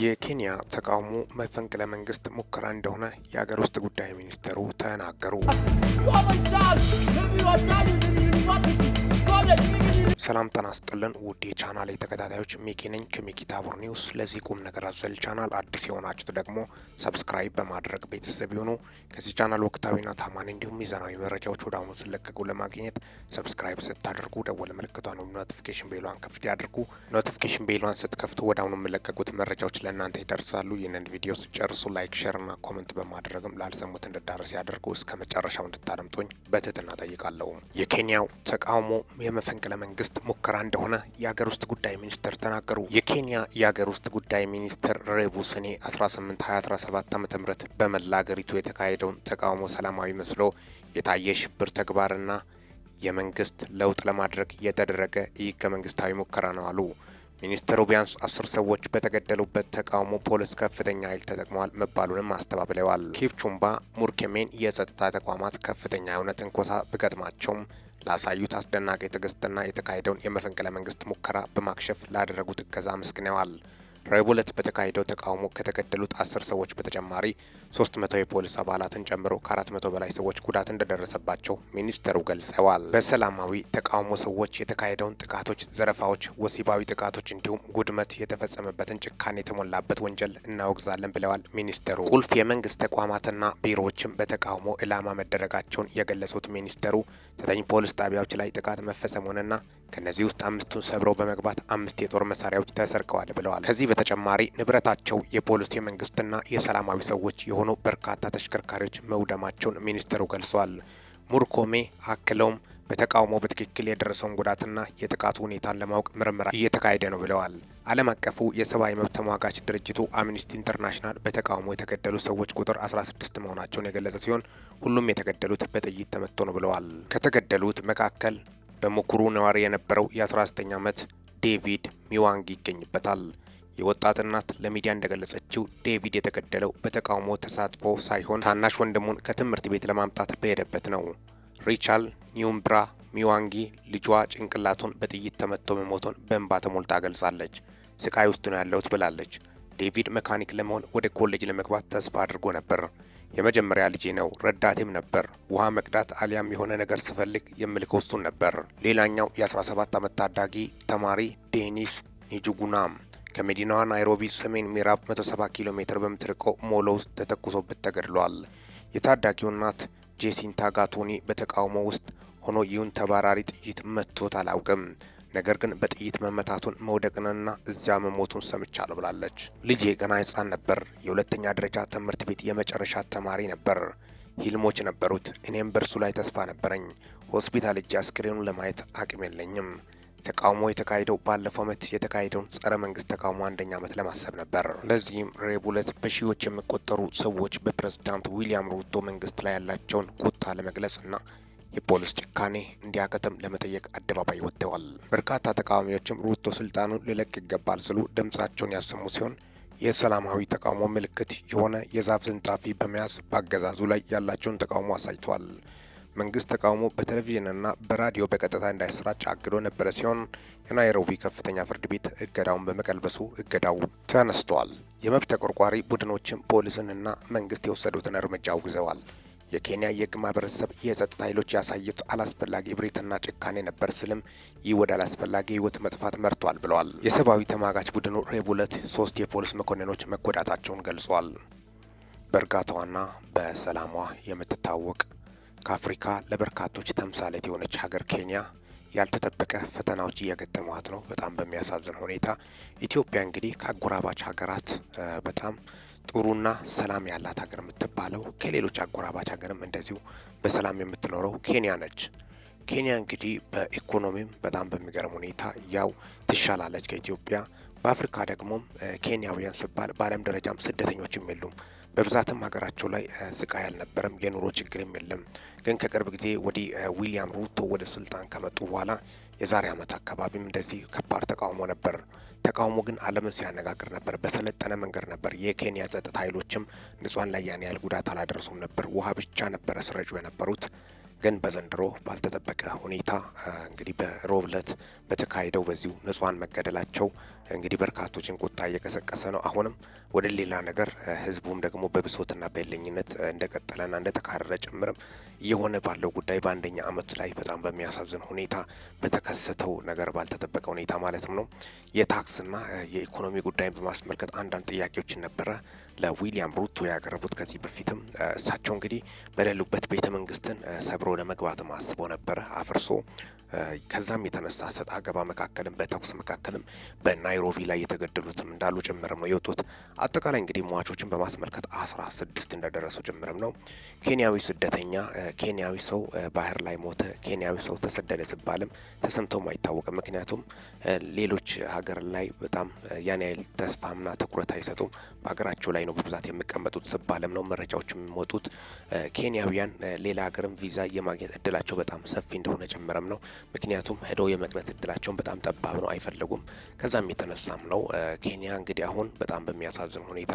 የኬንያ ተቃውሞ መፈንቅለ መንግስት ሙከራ እንደሆነ የአገር ውስጥ ጉዳይ ሚኒስትሩ ተናገሩ። ሰላም ጤና ይስጥልን ውድ የቻናል ተከታታዮች ሚኪ ነኝ ከሚኪ ታቡር ኒውስ። ለዚህ ቁም ነገር አዘል ቻናል አዲስ የሆናችሁ ደግሞ ሰብስክራይብ በማድረግ ቤተሰብ ይሁኑ። ከዚህ ቻናል ወቅታዊና ታማኒ እንዲሁም ሚዛናዊ መረጃዎች ወደ አሁኑ ስለቀቁ ለማግኘት ሰብስክራይብ ስታደርጉ ደወል ምልክቷን ወይም ኖቲፊኬሽን ቤሏን ክፍት ያድርጉ። ኖቲፊኬሽን ቤሏን ስትከፍቱ ወደ አሁኑ የሚለቀቁት መረጃዎች ለእናንተ ይደርሳሉ። ይህንን ቪዲዮ ስጨርሱ ላይክ፣ ና ኮመንት በማድረግም ላልሰሙት እንድዳረስ ያደርጉ። እስከ መጨረሻው እንድታደምጡኝ በትህትና ጠይቃለሁ። የኬንያው ተቃውሞ የመፈንቅለ መንግስት መንግስት ሙከራ እንደሆነ የሀገር ውስጥ ጉዳይ ሚኒስትር ተናገሩ። የኬንያ የሀገር ውስጥ ጉዳይ ሚኒስትር ረቡዕ ሰኔ 18 2017 ዓ ም በመላ አገሪቱ የተካሄደውን ተቃውሞ ሰላማዊ መስሎ የታየ ሽብር ተግባርና የመንግስት ለውጥ ለማድረግ የተደረገ ሕገ መንግስታዊ ሙከራ ነው አሉ። ሚኒስትሩ ቢያንስ አስር ሰዎች በተገደሉበት ተቃውሞ ፖሊስ ከፍተኛ ኃይል ተጠቅመዋል መባሉንም አስተባብለዋል። ኪፕቹምባ ሙርኬሜን የጸጥታ ተቋማት ከፍተኛ የሆነ ትንኮሳ ላሳዩት አስደናቂ ትዕግስትና የተካሄደውን የመፈንቅለ መንግስት ሙከራ በማክሸፍ ላደረጉት እገዛ አመስግነዋል። ረቡዕ ዕለት በተካሄደው ተቃውሞ ከተገደሉት አስር ሰዎች በተጨማሪ ሶስት መቶ የፖሊስ አባላትን ጨምሮ ከአራት መቶ በላይ ሰዎች ጉዳት እንደደረሰባቸው ሚኒስተሩ ገልጸዋል። በሰላማዊ ተቃውሞ ሰዎች የተካሄደውን ጥቃቶች፣ ዘረፋዎች፣ ወሲባዊ ጥቃቶች እንዲሁም ጉድመት የተፈጸመበትን ጭካኔ የተሞላበት ወንጀል እናወግዛለን ብለዋል ሚኒስተሩ። ቁልፍ የመንግስት ተቋማትና ቢሮዎችም በተቃውሞ ዕላማ መደረጋቸውን የገለጹት ሚኒስተሩ ዘጠኝ ፖሊስ ጣቢያዎች ላይ ጥቃት መፈጸሙንና ከነዚህ ውስጥ አምስቱን ሰብረው በመግባት አምስት የጦር መሳሪያዎች ተሰርቀዋል ብለዋል። ከዚህ በተጨማሪ ንብረታቸው የፖሊስ የመንግስትና የሰላማዊ ሰዎች የሆኑ በርካታ ተሽከርካሪዎች መውደማቸውን ሚኒስትሩ ገልጿል። ሙርኮሜ አክለውም በተቃውሞ በትክክል የደረሰውን ጉዳትና የጥቃቱ ሁኔታን ለማወቅ ምርመራ እየተካሄደ ነው ብለዋል። ዓለም አቀፉ የሰብአዊ መብት ተሟጋች ድርጅቱ አምኒስቲ ኢንተርናሽናል በተቃውሞ የተገደሉ ሰዎች ቁጥር 16 መሆናቸውን የገለጸ ሲሆን ሁሉም የተገደሉት በጥይት ተመቶ ነው ብለዋል። ከተገደሉት መካከል በሞኩሩ ነዋሪ የነበረው የ19 ዓመት ዴቪድ ሚዋንግ ይገኝበታል። የወጣት እናት ለሚዲያ እንደገለጸችው ዴቪድ የተገደለው በተቃውሞ ተሳትፎ ሳይሆን ታናሽ ወንድሙን ከትምህርት ቤት ለማምጣት በሄደበት ነው። ሪቻል ኒውምብራ ሚዋንጊ ልጇ ጭንቅላቱን በጥይት ተመቶ መሞቱን በእንባ ተሞልታ ገልጻለች። ስቃይ ውስጥ ነው ያለሁት ብላለች። ዴቪድ መካኒክ ለመሆን ወደ ኮሌጅ ለመግባት ተስፋ አድርጎ ነበር። የመጀመሪያ ልጄ ነው። ረዳቴም ነበር። ውሃ መቅዳት አሊያም የሆነ ነገር ስፈልግ የምልከው እሱን ነበር። ሌላኛው የ17 ዓመት ታዳጊ ተማሪ ዴኒስ ኒጁጉናም ከመዲናዋ ናይሮቢ ሰሜን ምዕራብ 170 ኪሎ ሜትር በምትርቀው ሞሎ ውስጥ ተተኩሶበት ተገድሏል። የታዳጊው እናት ጄሲንታ ጋቶኒ በተቃውሞ ውስጥ ሆኖ ይሁን ተባራሪ ጥይት መጥቶት አላውቅም ነገር ግን በጥይት መመታቱን መውደቅንና እዚያ መሞቱን ሰምቻለሁ ብላለች። ልጄ ገና ህፃን ነበር። የሁለተኛ ደረጃ ትምህርት ቤት የመጨረሻ ተማሪ ነበር። ሂልሞች ነበሩት። እኔም በእርሱ ላይ ተስፋ ነበረኝ። ሆስፒታል እጅ አስክሬኑን ለማየት አቅም የለኝም። ተቃውሞ የተካሄደው ባለፈው ዓመት የተካሄደውን ጸረ መንግስት ተቃውሞ አንደኛ ዓመት ለማሰብ ነበር። ለዚህም ረቡዕ ዕለት በሺዎች የሚቆጠሩ ሰዎች በፕሬዝዳንት ዊሊያም ሩቶ መንግስት ላይ ያላቸውን ቁጣ ለመግለጽና የፖሊስ ጭካኔ እንዲያከትም ለመጠየቅ አደባባይ ወጥተዋል። በርካታ ተቃዋሚዎችም ሩቶ ስልጣኑን ሊለቅ ይገባል ሲሉ ድምጻቸውን ያሰሙ ሲሆን የሰላማዊ ተቃውሞ ምልክት የሆነ የዛፍ ዝንጣፊ በመያዝ በአገዛዙ ላይ ያላቸውን ተቃውሞ አሳይተዋል። መንግስት ተቃውሞ በቴሌቪዥንና በራዲዮ በቀጥታ እንዳይሰራጭ አግዶ ነበረ ሲሆን የናይሮቢ ከፍተኛ ፍርድ ቤት እገዳውን በመቀልበሱ እገዳው ተነስቷል። የመብት ተቆርቋሪ ቡድኖችም ፖሊስንና መንግስት የወሰዱትን እርምጃ አውግዘዋል። የኬንያ የህግ ማህበረሰብ የጸጥታ ኃይሎች ያሳዩት አላስፈላጊ እብሪትና ጭካኔ ነበር ስልም ይህ ወደ አላስፈላጊ ህይወት መጥፋት መርቷል ብለዋል። የሰብአዊ ተሟጋች ቡድኑ ረቡዕ ዕለት ሶስት የፖሊስ መኮንኖች መጎዳታቸውን ገልጿል። በእርጋታዋና በሰላሟ የምትታወቅ ከአፍሪካ ለበርካቶች ተምሳሌት የሆነች ሀገር ኬንያ ያልተጠበቀ ፈተናዎች እያገጠሟት ነው። በጣም በሚያሳዝን ሁኔታ ኢትዮጵያ እንግዲህ ከአጎራባች ሀገራት በጣም ጥሩና ሰላም ያላት ሀገር የምትባለው ከሌሎች አጎራባች ሀገርም እንደዚሁ በሰላም የምትኖረው ኬንያ ነች። ኬንያ እንግዲህ በኢኮኖሚም በጣም በሚገርም ሁኔታ ያው ትሻላለች ከኢትዮጵያ። በአፍሪካ ደግሞ ኬንያውያን ስባል በዓለም ደረጃም ስደተኞችም የሉም። በብዛትም ሀገራቸው ላይ ስቃይ አልነበረም፣ የኑሮ ችግርም የለም። ግን ከቅርብ ጊዜ ወዲህ ዊሊያም ሩቶ ወደ ስልጣን ከመጡ በኋላ የዛሬ ዓመት አካባቢም እንደዚህ ከባድ ተቃውሞ ነበር። ተቃውሞ ግን ዓለምን ሲያነጋግር ነበር። በሰለጠነ መንገድ ነበር። የኬንያ ጸጥታ ኃይሎችም ንጹሐን ላይ ያን ያህል ጉዳት አላደረሱም ነበር። ውሃ ብቻ ነበረ ስረጩ የነበሩት። ግን በዘንድሮ ባልተጠበቀ ሁኔታ እንግዲህ በሮብለት በተካሄደው በዚሁ ንጹሐን መገደላቸው እንግዲህ በርካቶችን ቁጣ እየቀሰቀሰ ነው። አሁንም ወደ ሌላ ነገር ህዝቡም ደግሞ በብሶትና በለኝነት እንደቀጠለና እንደተካረረ ጭምርም እየሆነ ባለው ጉዳይ በአንደኛ አመቱ ላይ በጣም በሚያሳዝን ሁኔታ በተከሰተው ነገር ባልተጠበቀ ሁኔታ ማለትም ነው የታክስና የኢኮኖሚ ጉዳይን በማስመልከት አንዳንድ ጥያቄዎችን ነበረ ለዊሊያም ሩቶ ያቀረቡት። ከዚህ በፊትም እሳቸው እንግዲህ በሌሉበት ቤተ መንግስትን ሰብሮ ለመግባትም አስቦ ነበረ አፍርሶ ከዛም የተነሳ ሰጥ አገባ መካከልም በተኩስ መካከልም በናይሮቢ ላይ የተገደሉትም እንዳሉ ጭምርም ነው የወጡት። አጠቃላይ እንግዲህ ሟቾችን በማስመልከት አስራ ስድስት እንደደረሱ ጭምርም ነው። ኬንያዊ ስደተኛ ኬንያዊ ሰው ባህር ላይ ሞተ፣ ኬንያዊ ሰው ተሰደደ ሲባልም ተሰምቶም አይታወቅም። ምክንያቱም ሌሎች ሀገር ላይ በጣም ያን ያህል ተስፋምና ትኩረት አይሰጡም። በሀገራቸው ላይ ነው በብዛት የሚቀመጡት ስባልም ነው መረጃዎች የሚወጡት። ኬንያውያን ሌላ ሀገርም ቪዛ የማግኘት እድላቸው በጣም ሰፊ እንደሆነ ጭምርም ነው። ምክንያቱም ሄደው የመቅረት እድላቸውን በጣም ጠባብ ነው፣ አይፈለጉም። ከዛም የተነሳም ነው ኬንያ እንግዲህ አሁን በጣም በሚያሳዝን ሁኔታ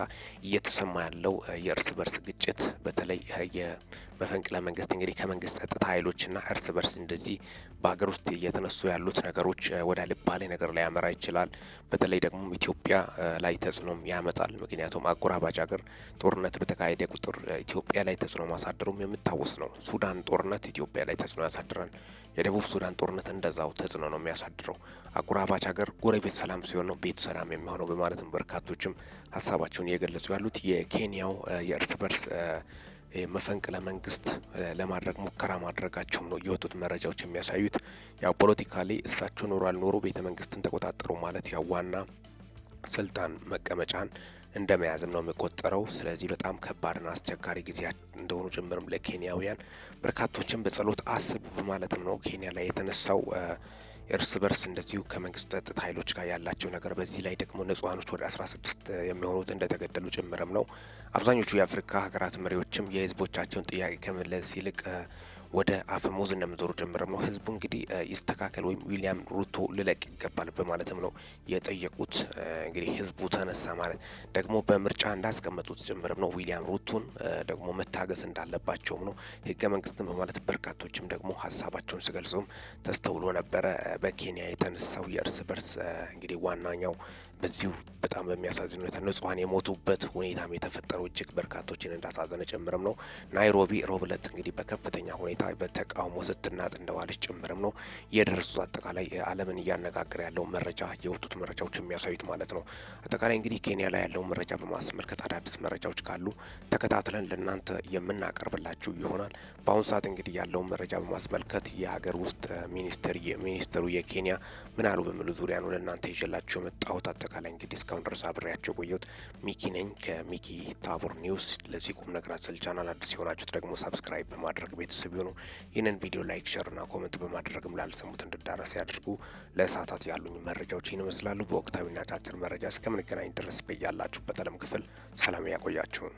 እየተሰማ ያለው የእርስ በርስ ግጭት በተለይ የመፈንቅለ መንግስት እንግዲህ ከመንግስት ጸጥታ ኃይሎችና እርስ በርስ እንደዚህ በሀገር ውስጥ እየተነሱ ያሉት ነገሮች ወደ አልባሌ ነገር ላይ ያመራ ይችላል። በተለይ ደግሞ ኢትዮጵያ ላይ ተጽዕኖም ያመጣል። ምክንያቱም አጎራባጭ ሀገር ጦርነት በተካሄደ ቁጥር ኢትዮጵያ ላይ ተጽዕኖ ማሳደሩም የምታወስ ነው። ሱዳን ጦርነት ኢትዮጵያ ላይ ተጽዕኖ ያሳድራል። የደቡብ ሱዳን የሱዳን ጦርነት እንደዛው ተጽዕኖ ነው የሚያሳድረው። አጉራባች ሀገር ጎረቤት ሰላም ሲሆን ነው ቤት ሰላም የሚሆነው በማለትም በርካቶችም ሀሳባቸውን እየገለጹ ያሉት የኬንያው የእርስ በርስ መፈንቅለ መንግስት ለማድረግ ሙከራ ማድረጋቸውም ነው የወጡት መረጃዎች የሚያሳዩት። ያው ላይ እሳቸው ኖሮ አልኖሩ ቤተ መንግስትን ተቆጣጠሩ ማለት ያው ዋና ስልጣን መቀመጫን እንደመያዝም ነው የሚቆጠረው። ስለዚህ በጣም ከባድና አስቸጋሪ ጊዜያት እንደሆኑ ጭምርም ለኬንያውያን በርካቶችን በጸሎት አስብ በማለትም ነው ኬንያ ላይ የተነሳው እርስ በርስ እንደዚሁ ከመንግስት ጸጥታ ኃይሎች ጋር ያላቸው ነገር። በዚህ ላይ ደግሞ ንጹሐኖች ወደ 16 የሚሆኑት እንደተገደሉ ጭምርም ነው። አብዛኞቹ የአፍሪካ ሀገራት መሪዎችም የህዝቦቻቸውን ጥያቄ ከመለስ ይልቅ ወደ አፈሙዝ እንደምዞሩ ጭምር ነው። ህዝቡ እንግዲህ ይስተካከል ወይም ዊሊያም ሩቶ ልለቅ ይገባል በማለትም ነው የጠየቁት። እንግዲህ ህዝቡ ተነሳ ማለት ደግሞ በምርጫ እንዳስቀመጡት ጭምርም ነው። ዊሊያም ሩቶን ደግሞ መታገስ እንዳለባቸውም ነው ህገ መንግስትን በማለት በርካቶችም ደግሞ ሀሳባቸውን ሲገልጹም ተስተውሎ ነበረ። በኬንያ የተነሳው የእርስ በርስ እንግዲህ ዋናኛው በዚሁ በጣም በሚያሳዝን ሁኔታ ንጹሀን የሞቱበት ሁኔታም የተፈጠረው እጅግ በርካቶችን እንዳሳዘነ ጭምርም ነው። ናይሮቢ ሮብለት እንግዲህ በከፍተኛ ሁኔታ ሁኔታ በተቃውሞ ስትናጥ እንደዋለች ጭምርም ነው የደረሱት። አጠቃላይ ዓለምን እያነጋገረ ያለው መረጃ የወጡት መረጃዎች የሚያሳዩት ማለት ነው። አጠቃላይ እንግዲህ ኬንያ ላይ ያለው መረጃ በማስመልከት አዳዲስ መረጃዎች ካሉ ተከታትለን ለእናንተ የምናቀርብላችሁ ይሆናል። በአሁኑ ሰዓት እንግዲህ ያለውን መረጃ በማስመልከት የሀገር ውስጥ ሚኒስትር ሚኒስትሩ የኬንያ ምን አሉ በሚሉ ዙሪያ ነው ለእናንተ ይዤላችሁ የመጣሁት። አጠቃላይ እንግዲህ እስካሁን ድረስ አብሬያቸው ቆየሁት። ሚኪ ነኝ ከሚኪ ታቦር ኒውስ። ለዚህ ቁም ነገር አዘል ቻናል አዲስ የሆናችሁት ደግሞ ሳብስክራይብ በማድረግ ቤተሰብ ይሁኑ። ነው። ይህንን ቪዲዮ ላይክ፣ ሸር ና ኮመንት በማድረግም ላልሰሙት እንድዳረስ ያድርጉ። ለእሳታት ያሉኝ መረጃዎች ይህን ይመስላሉ። በወቅታዊና አጫጭር መረጃ እስከምንገናኝ ድረስ በያላችሁበት ዓለም ክፍል ሰላም ያቆያችሁን።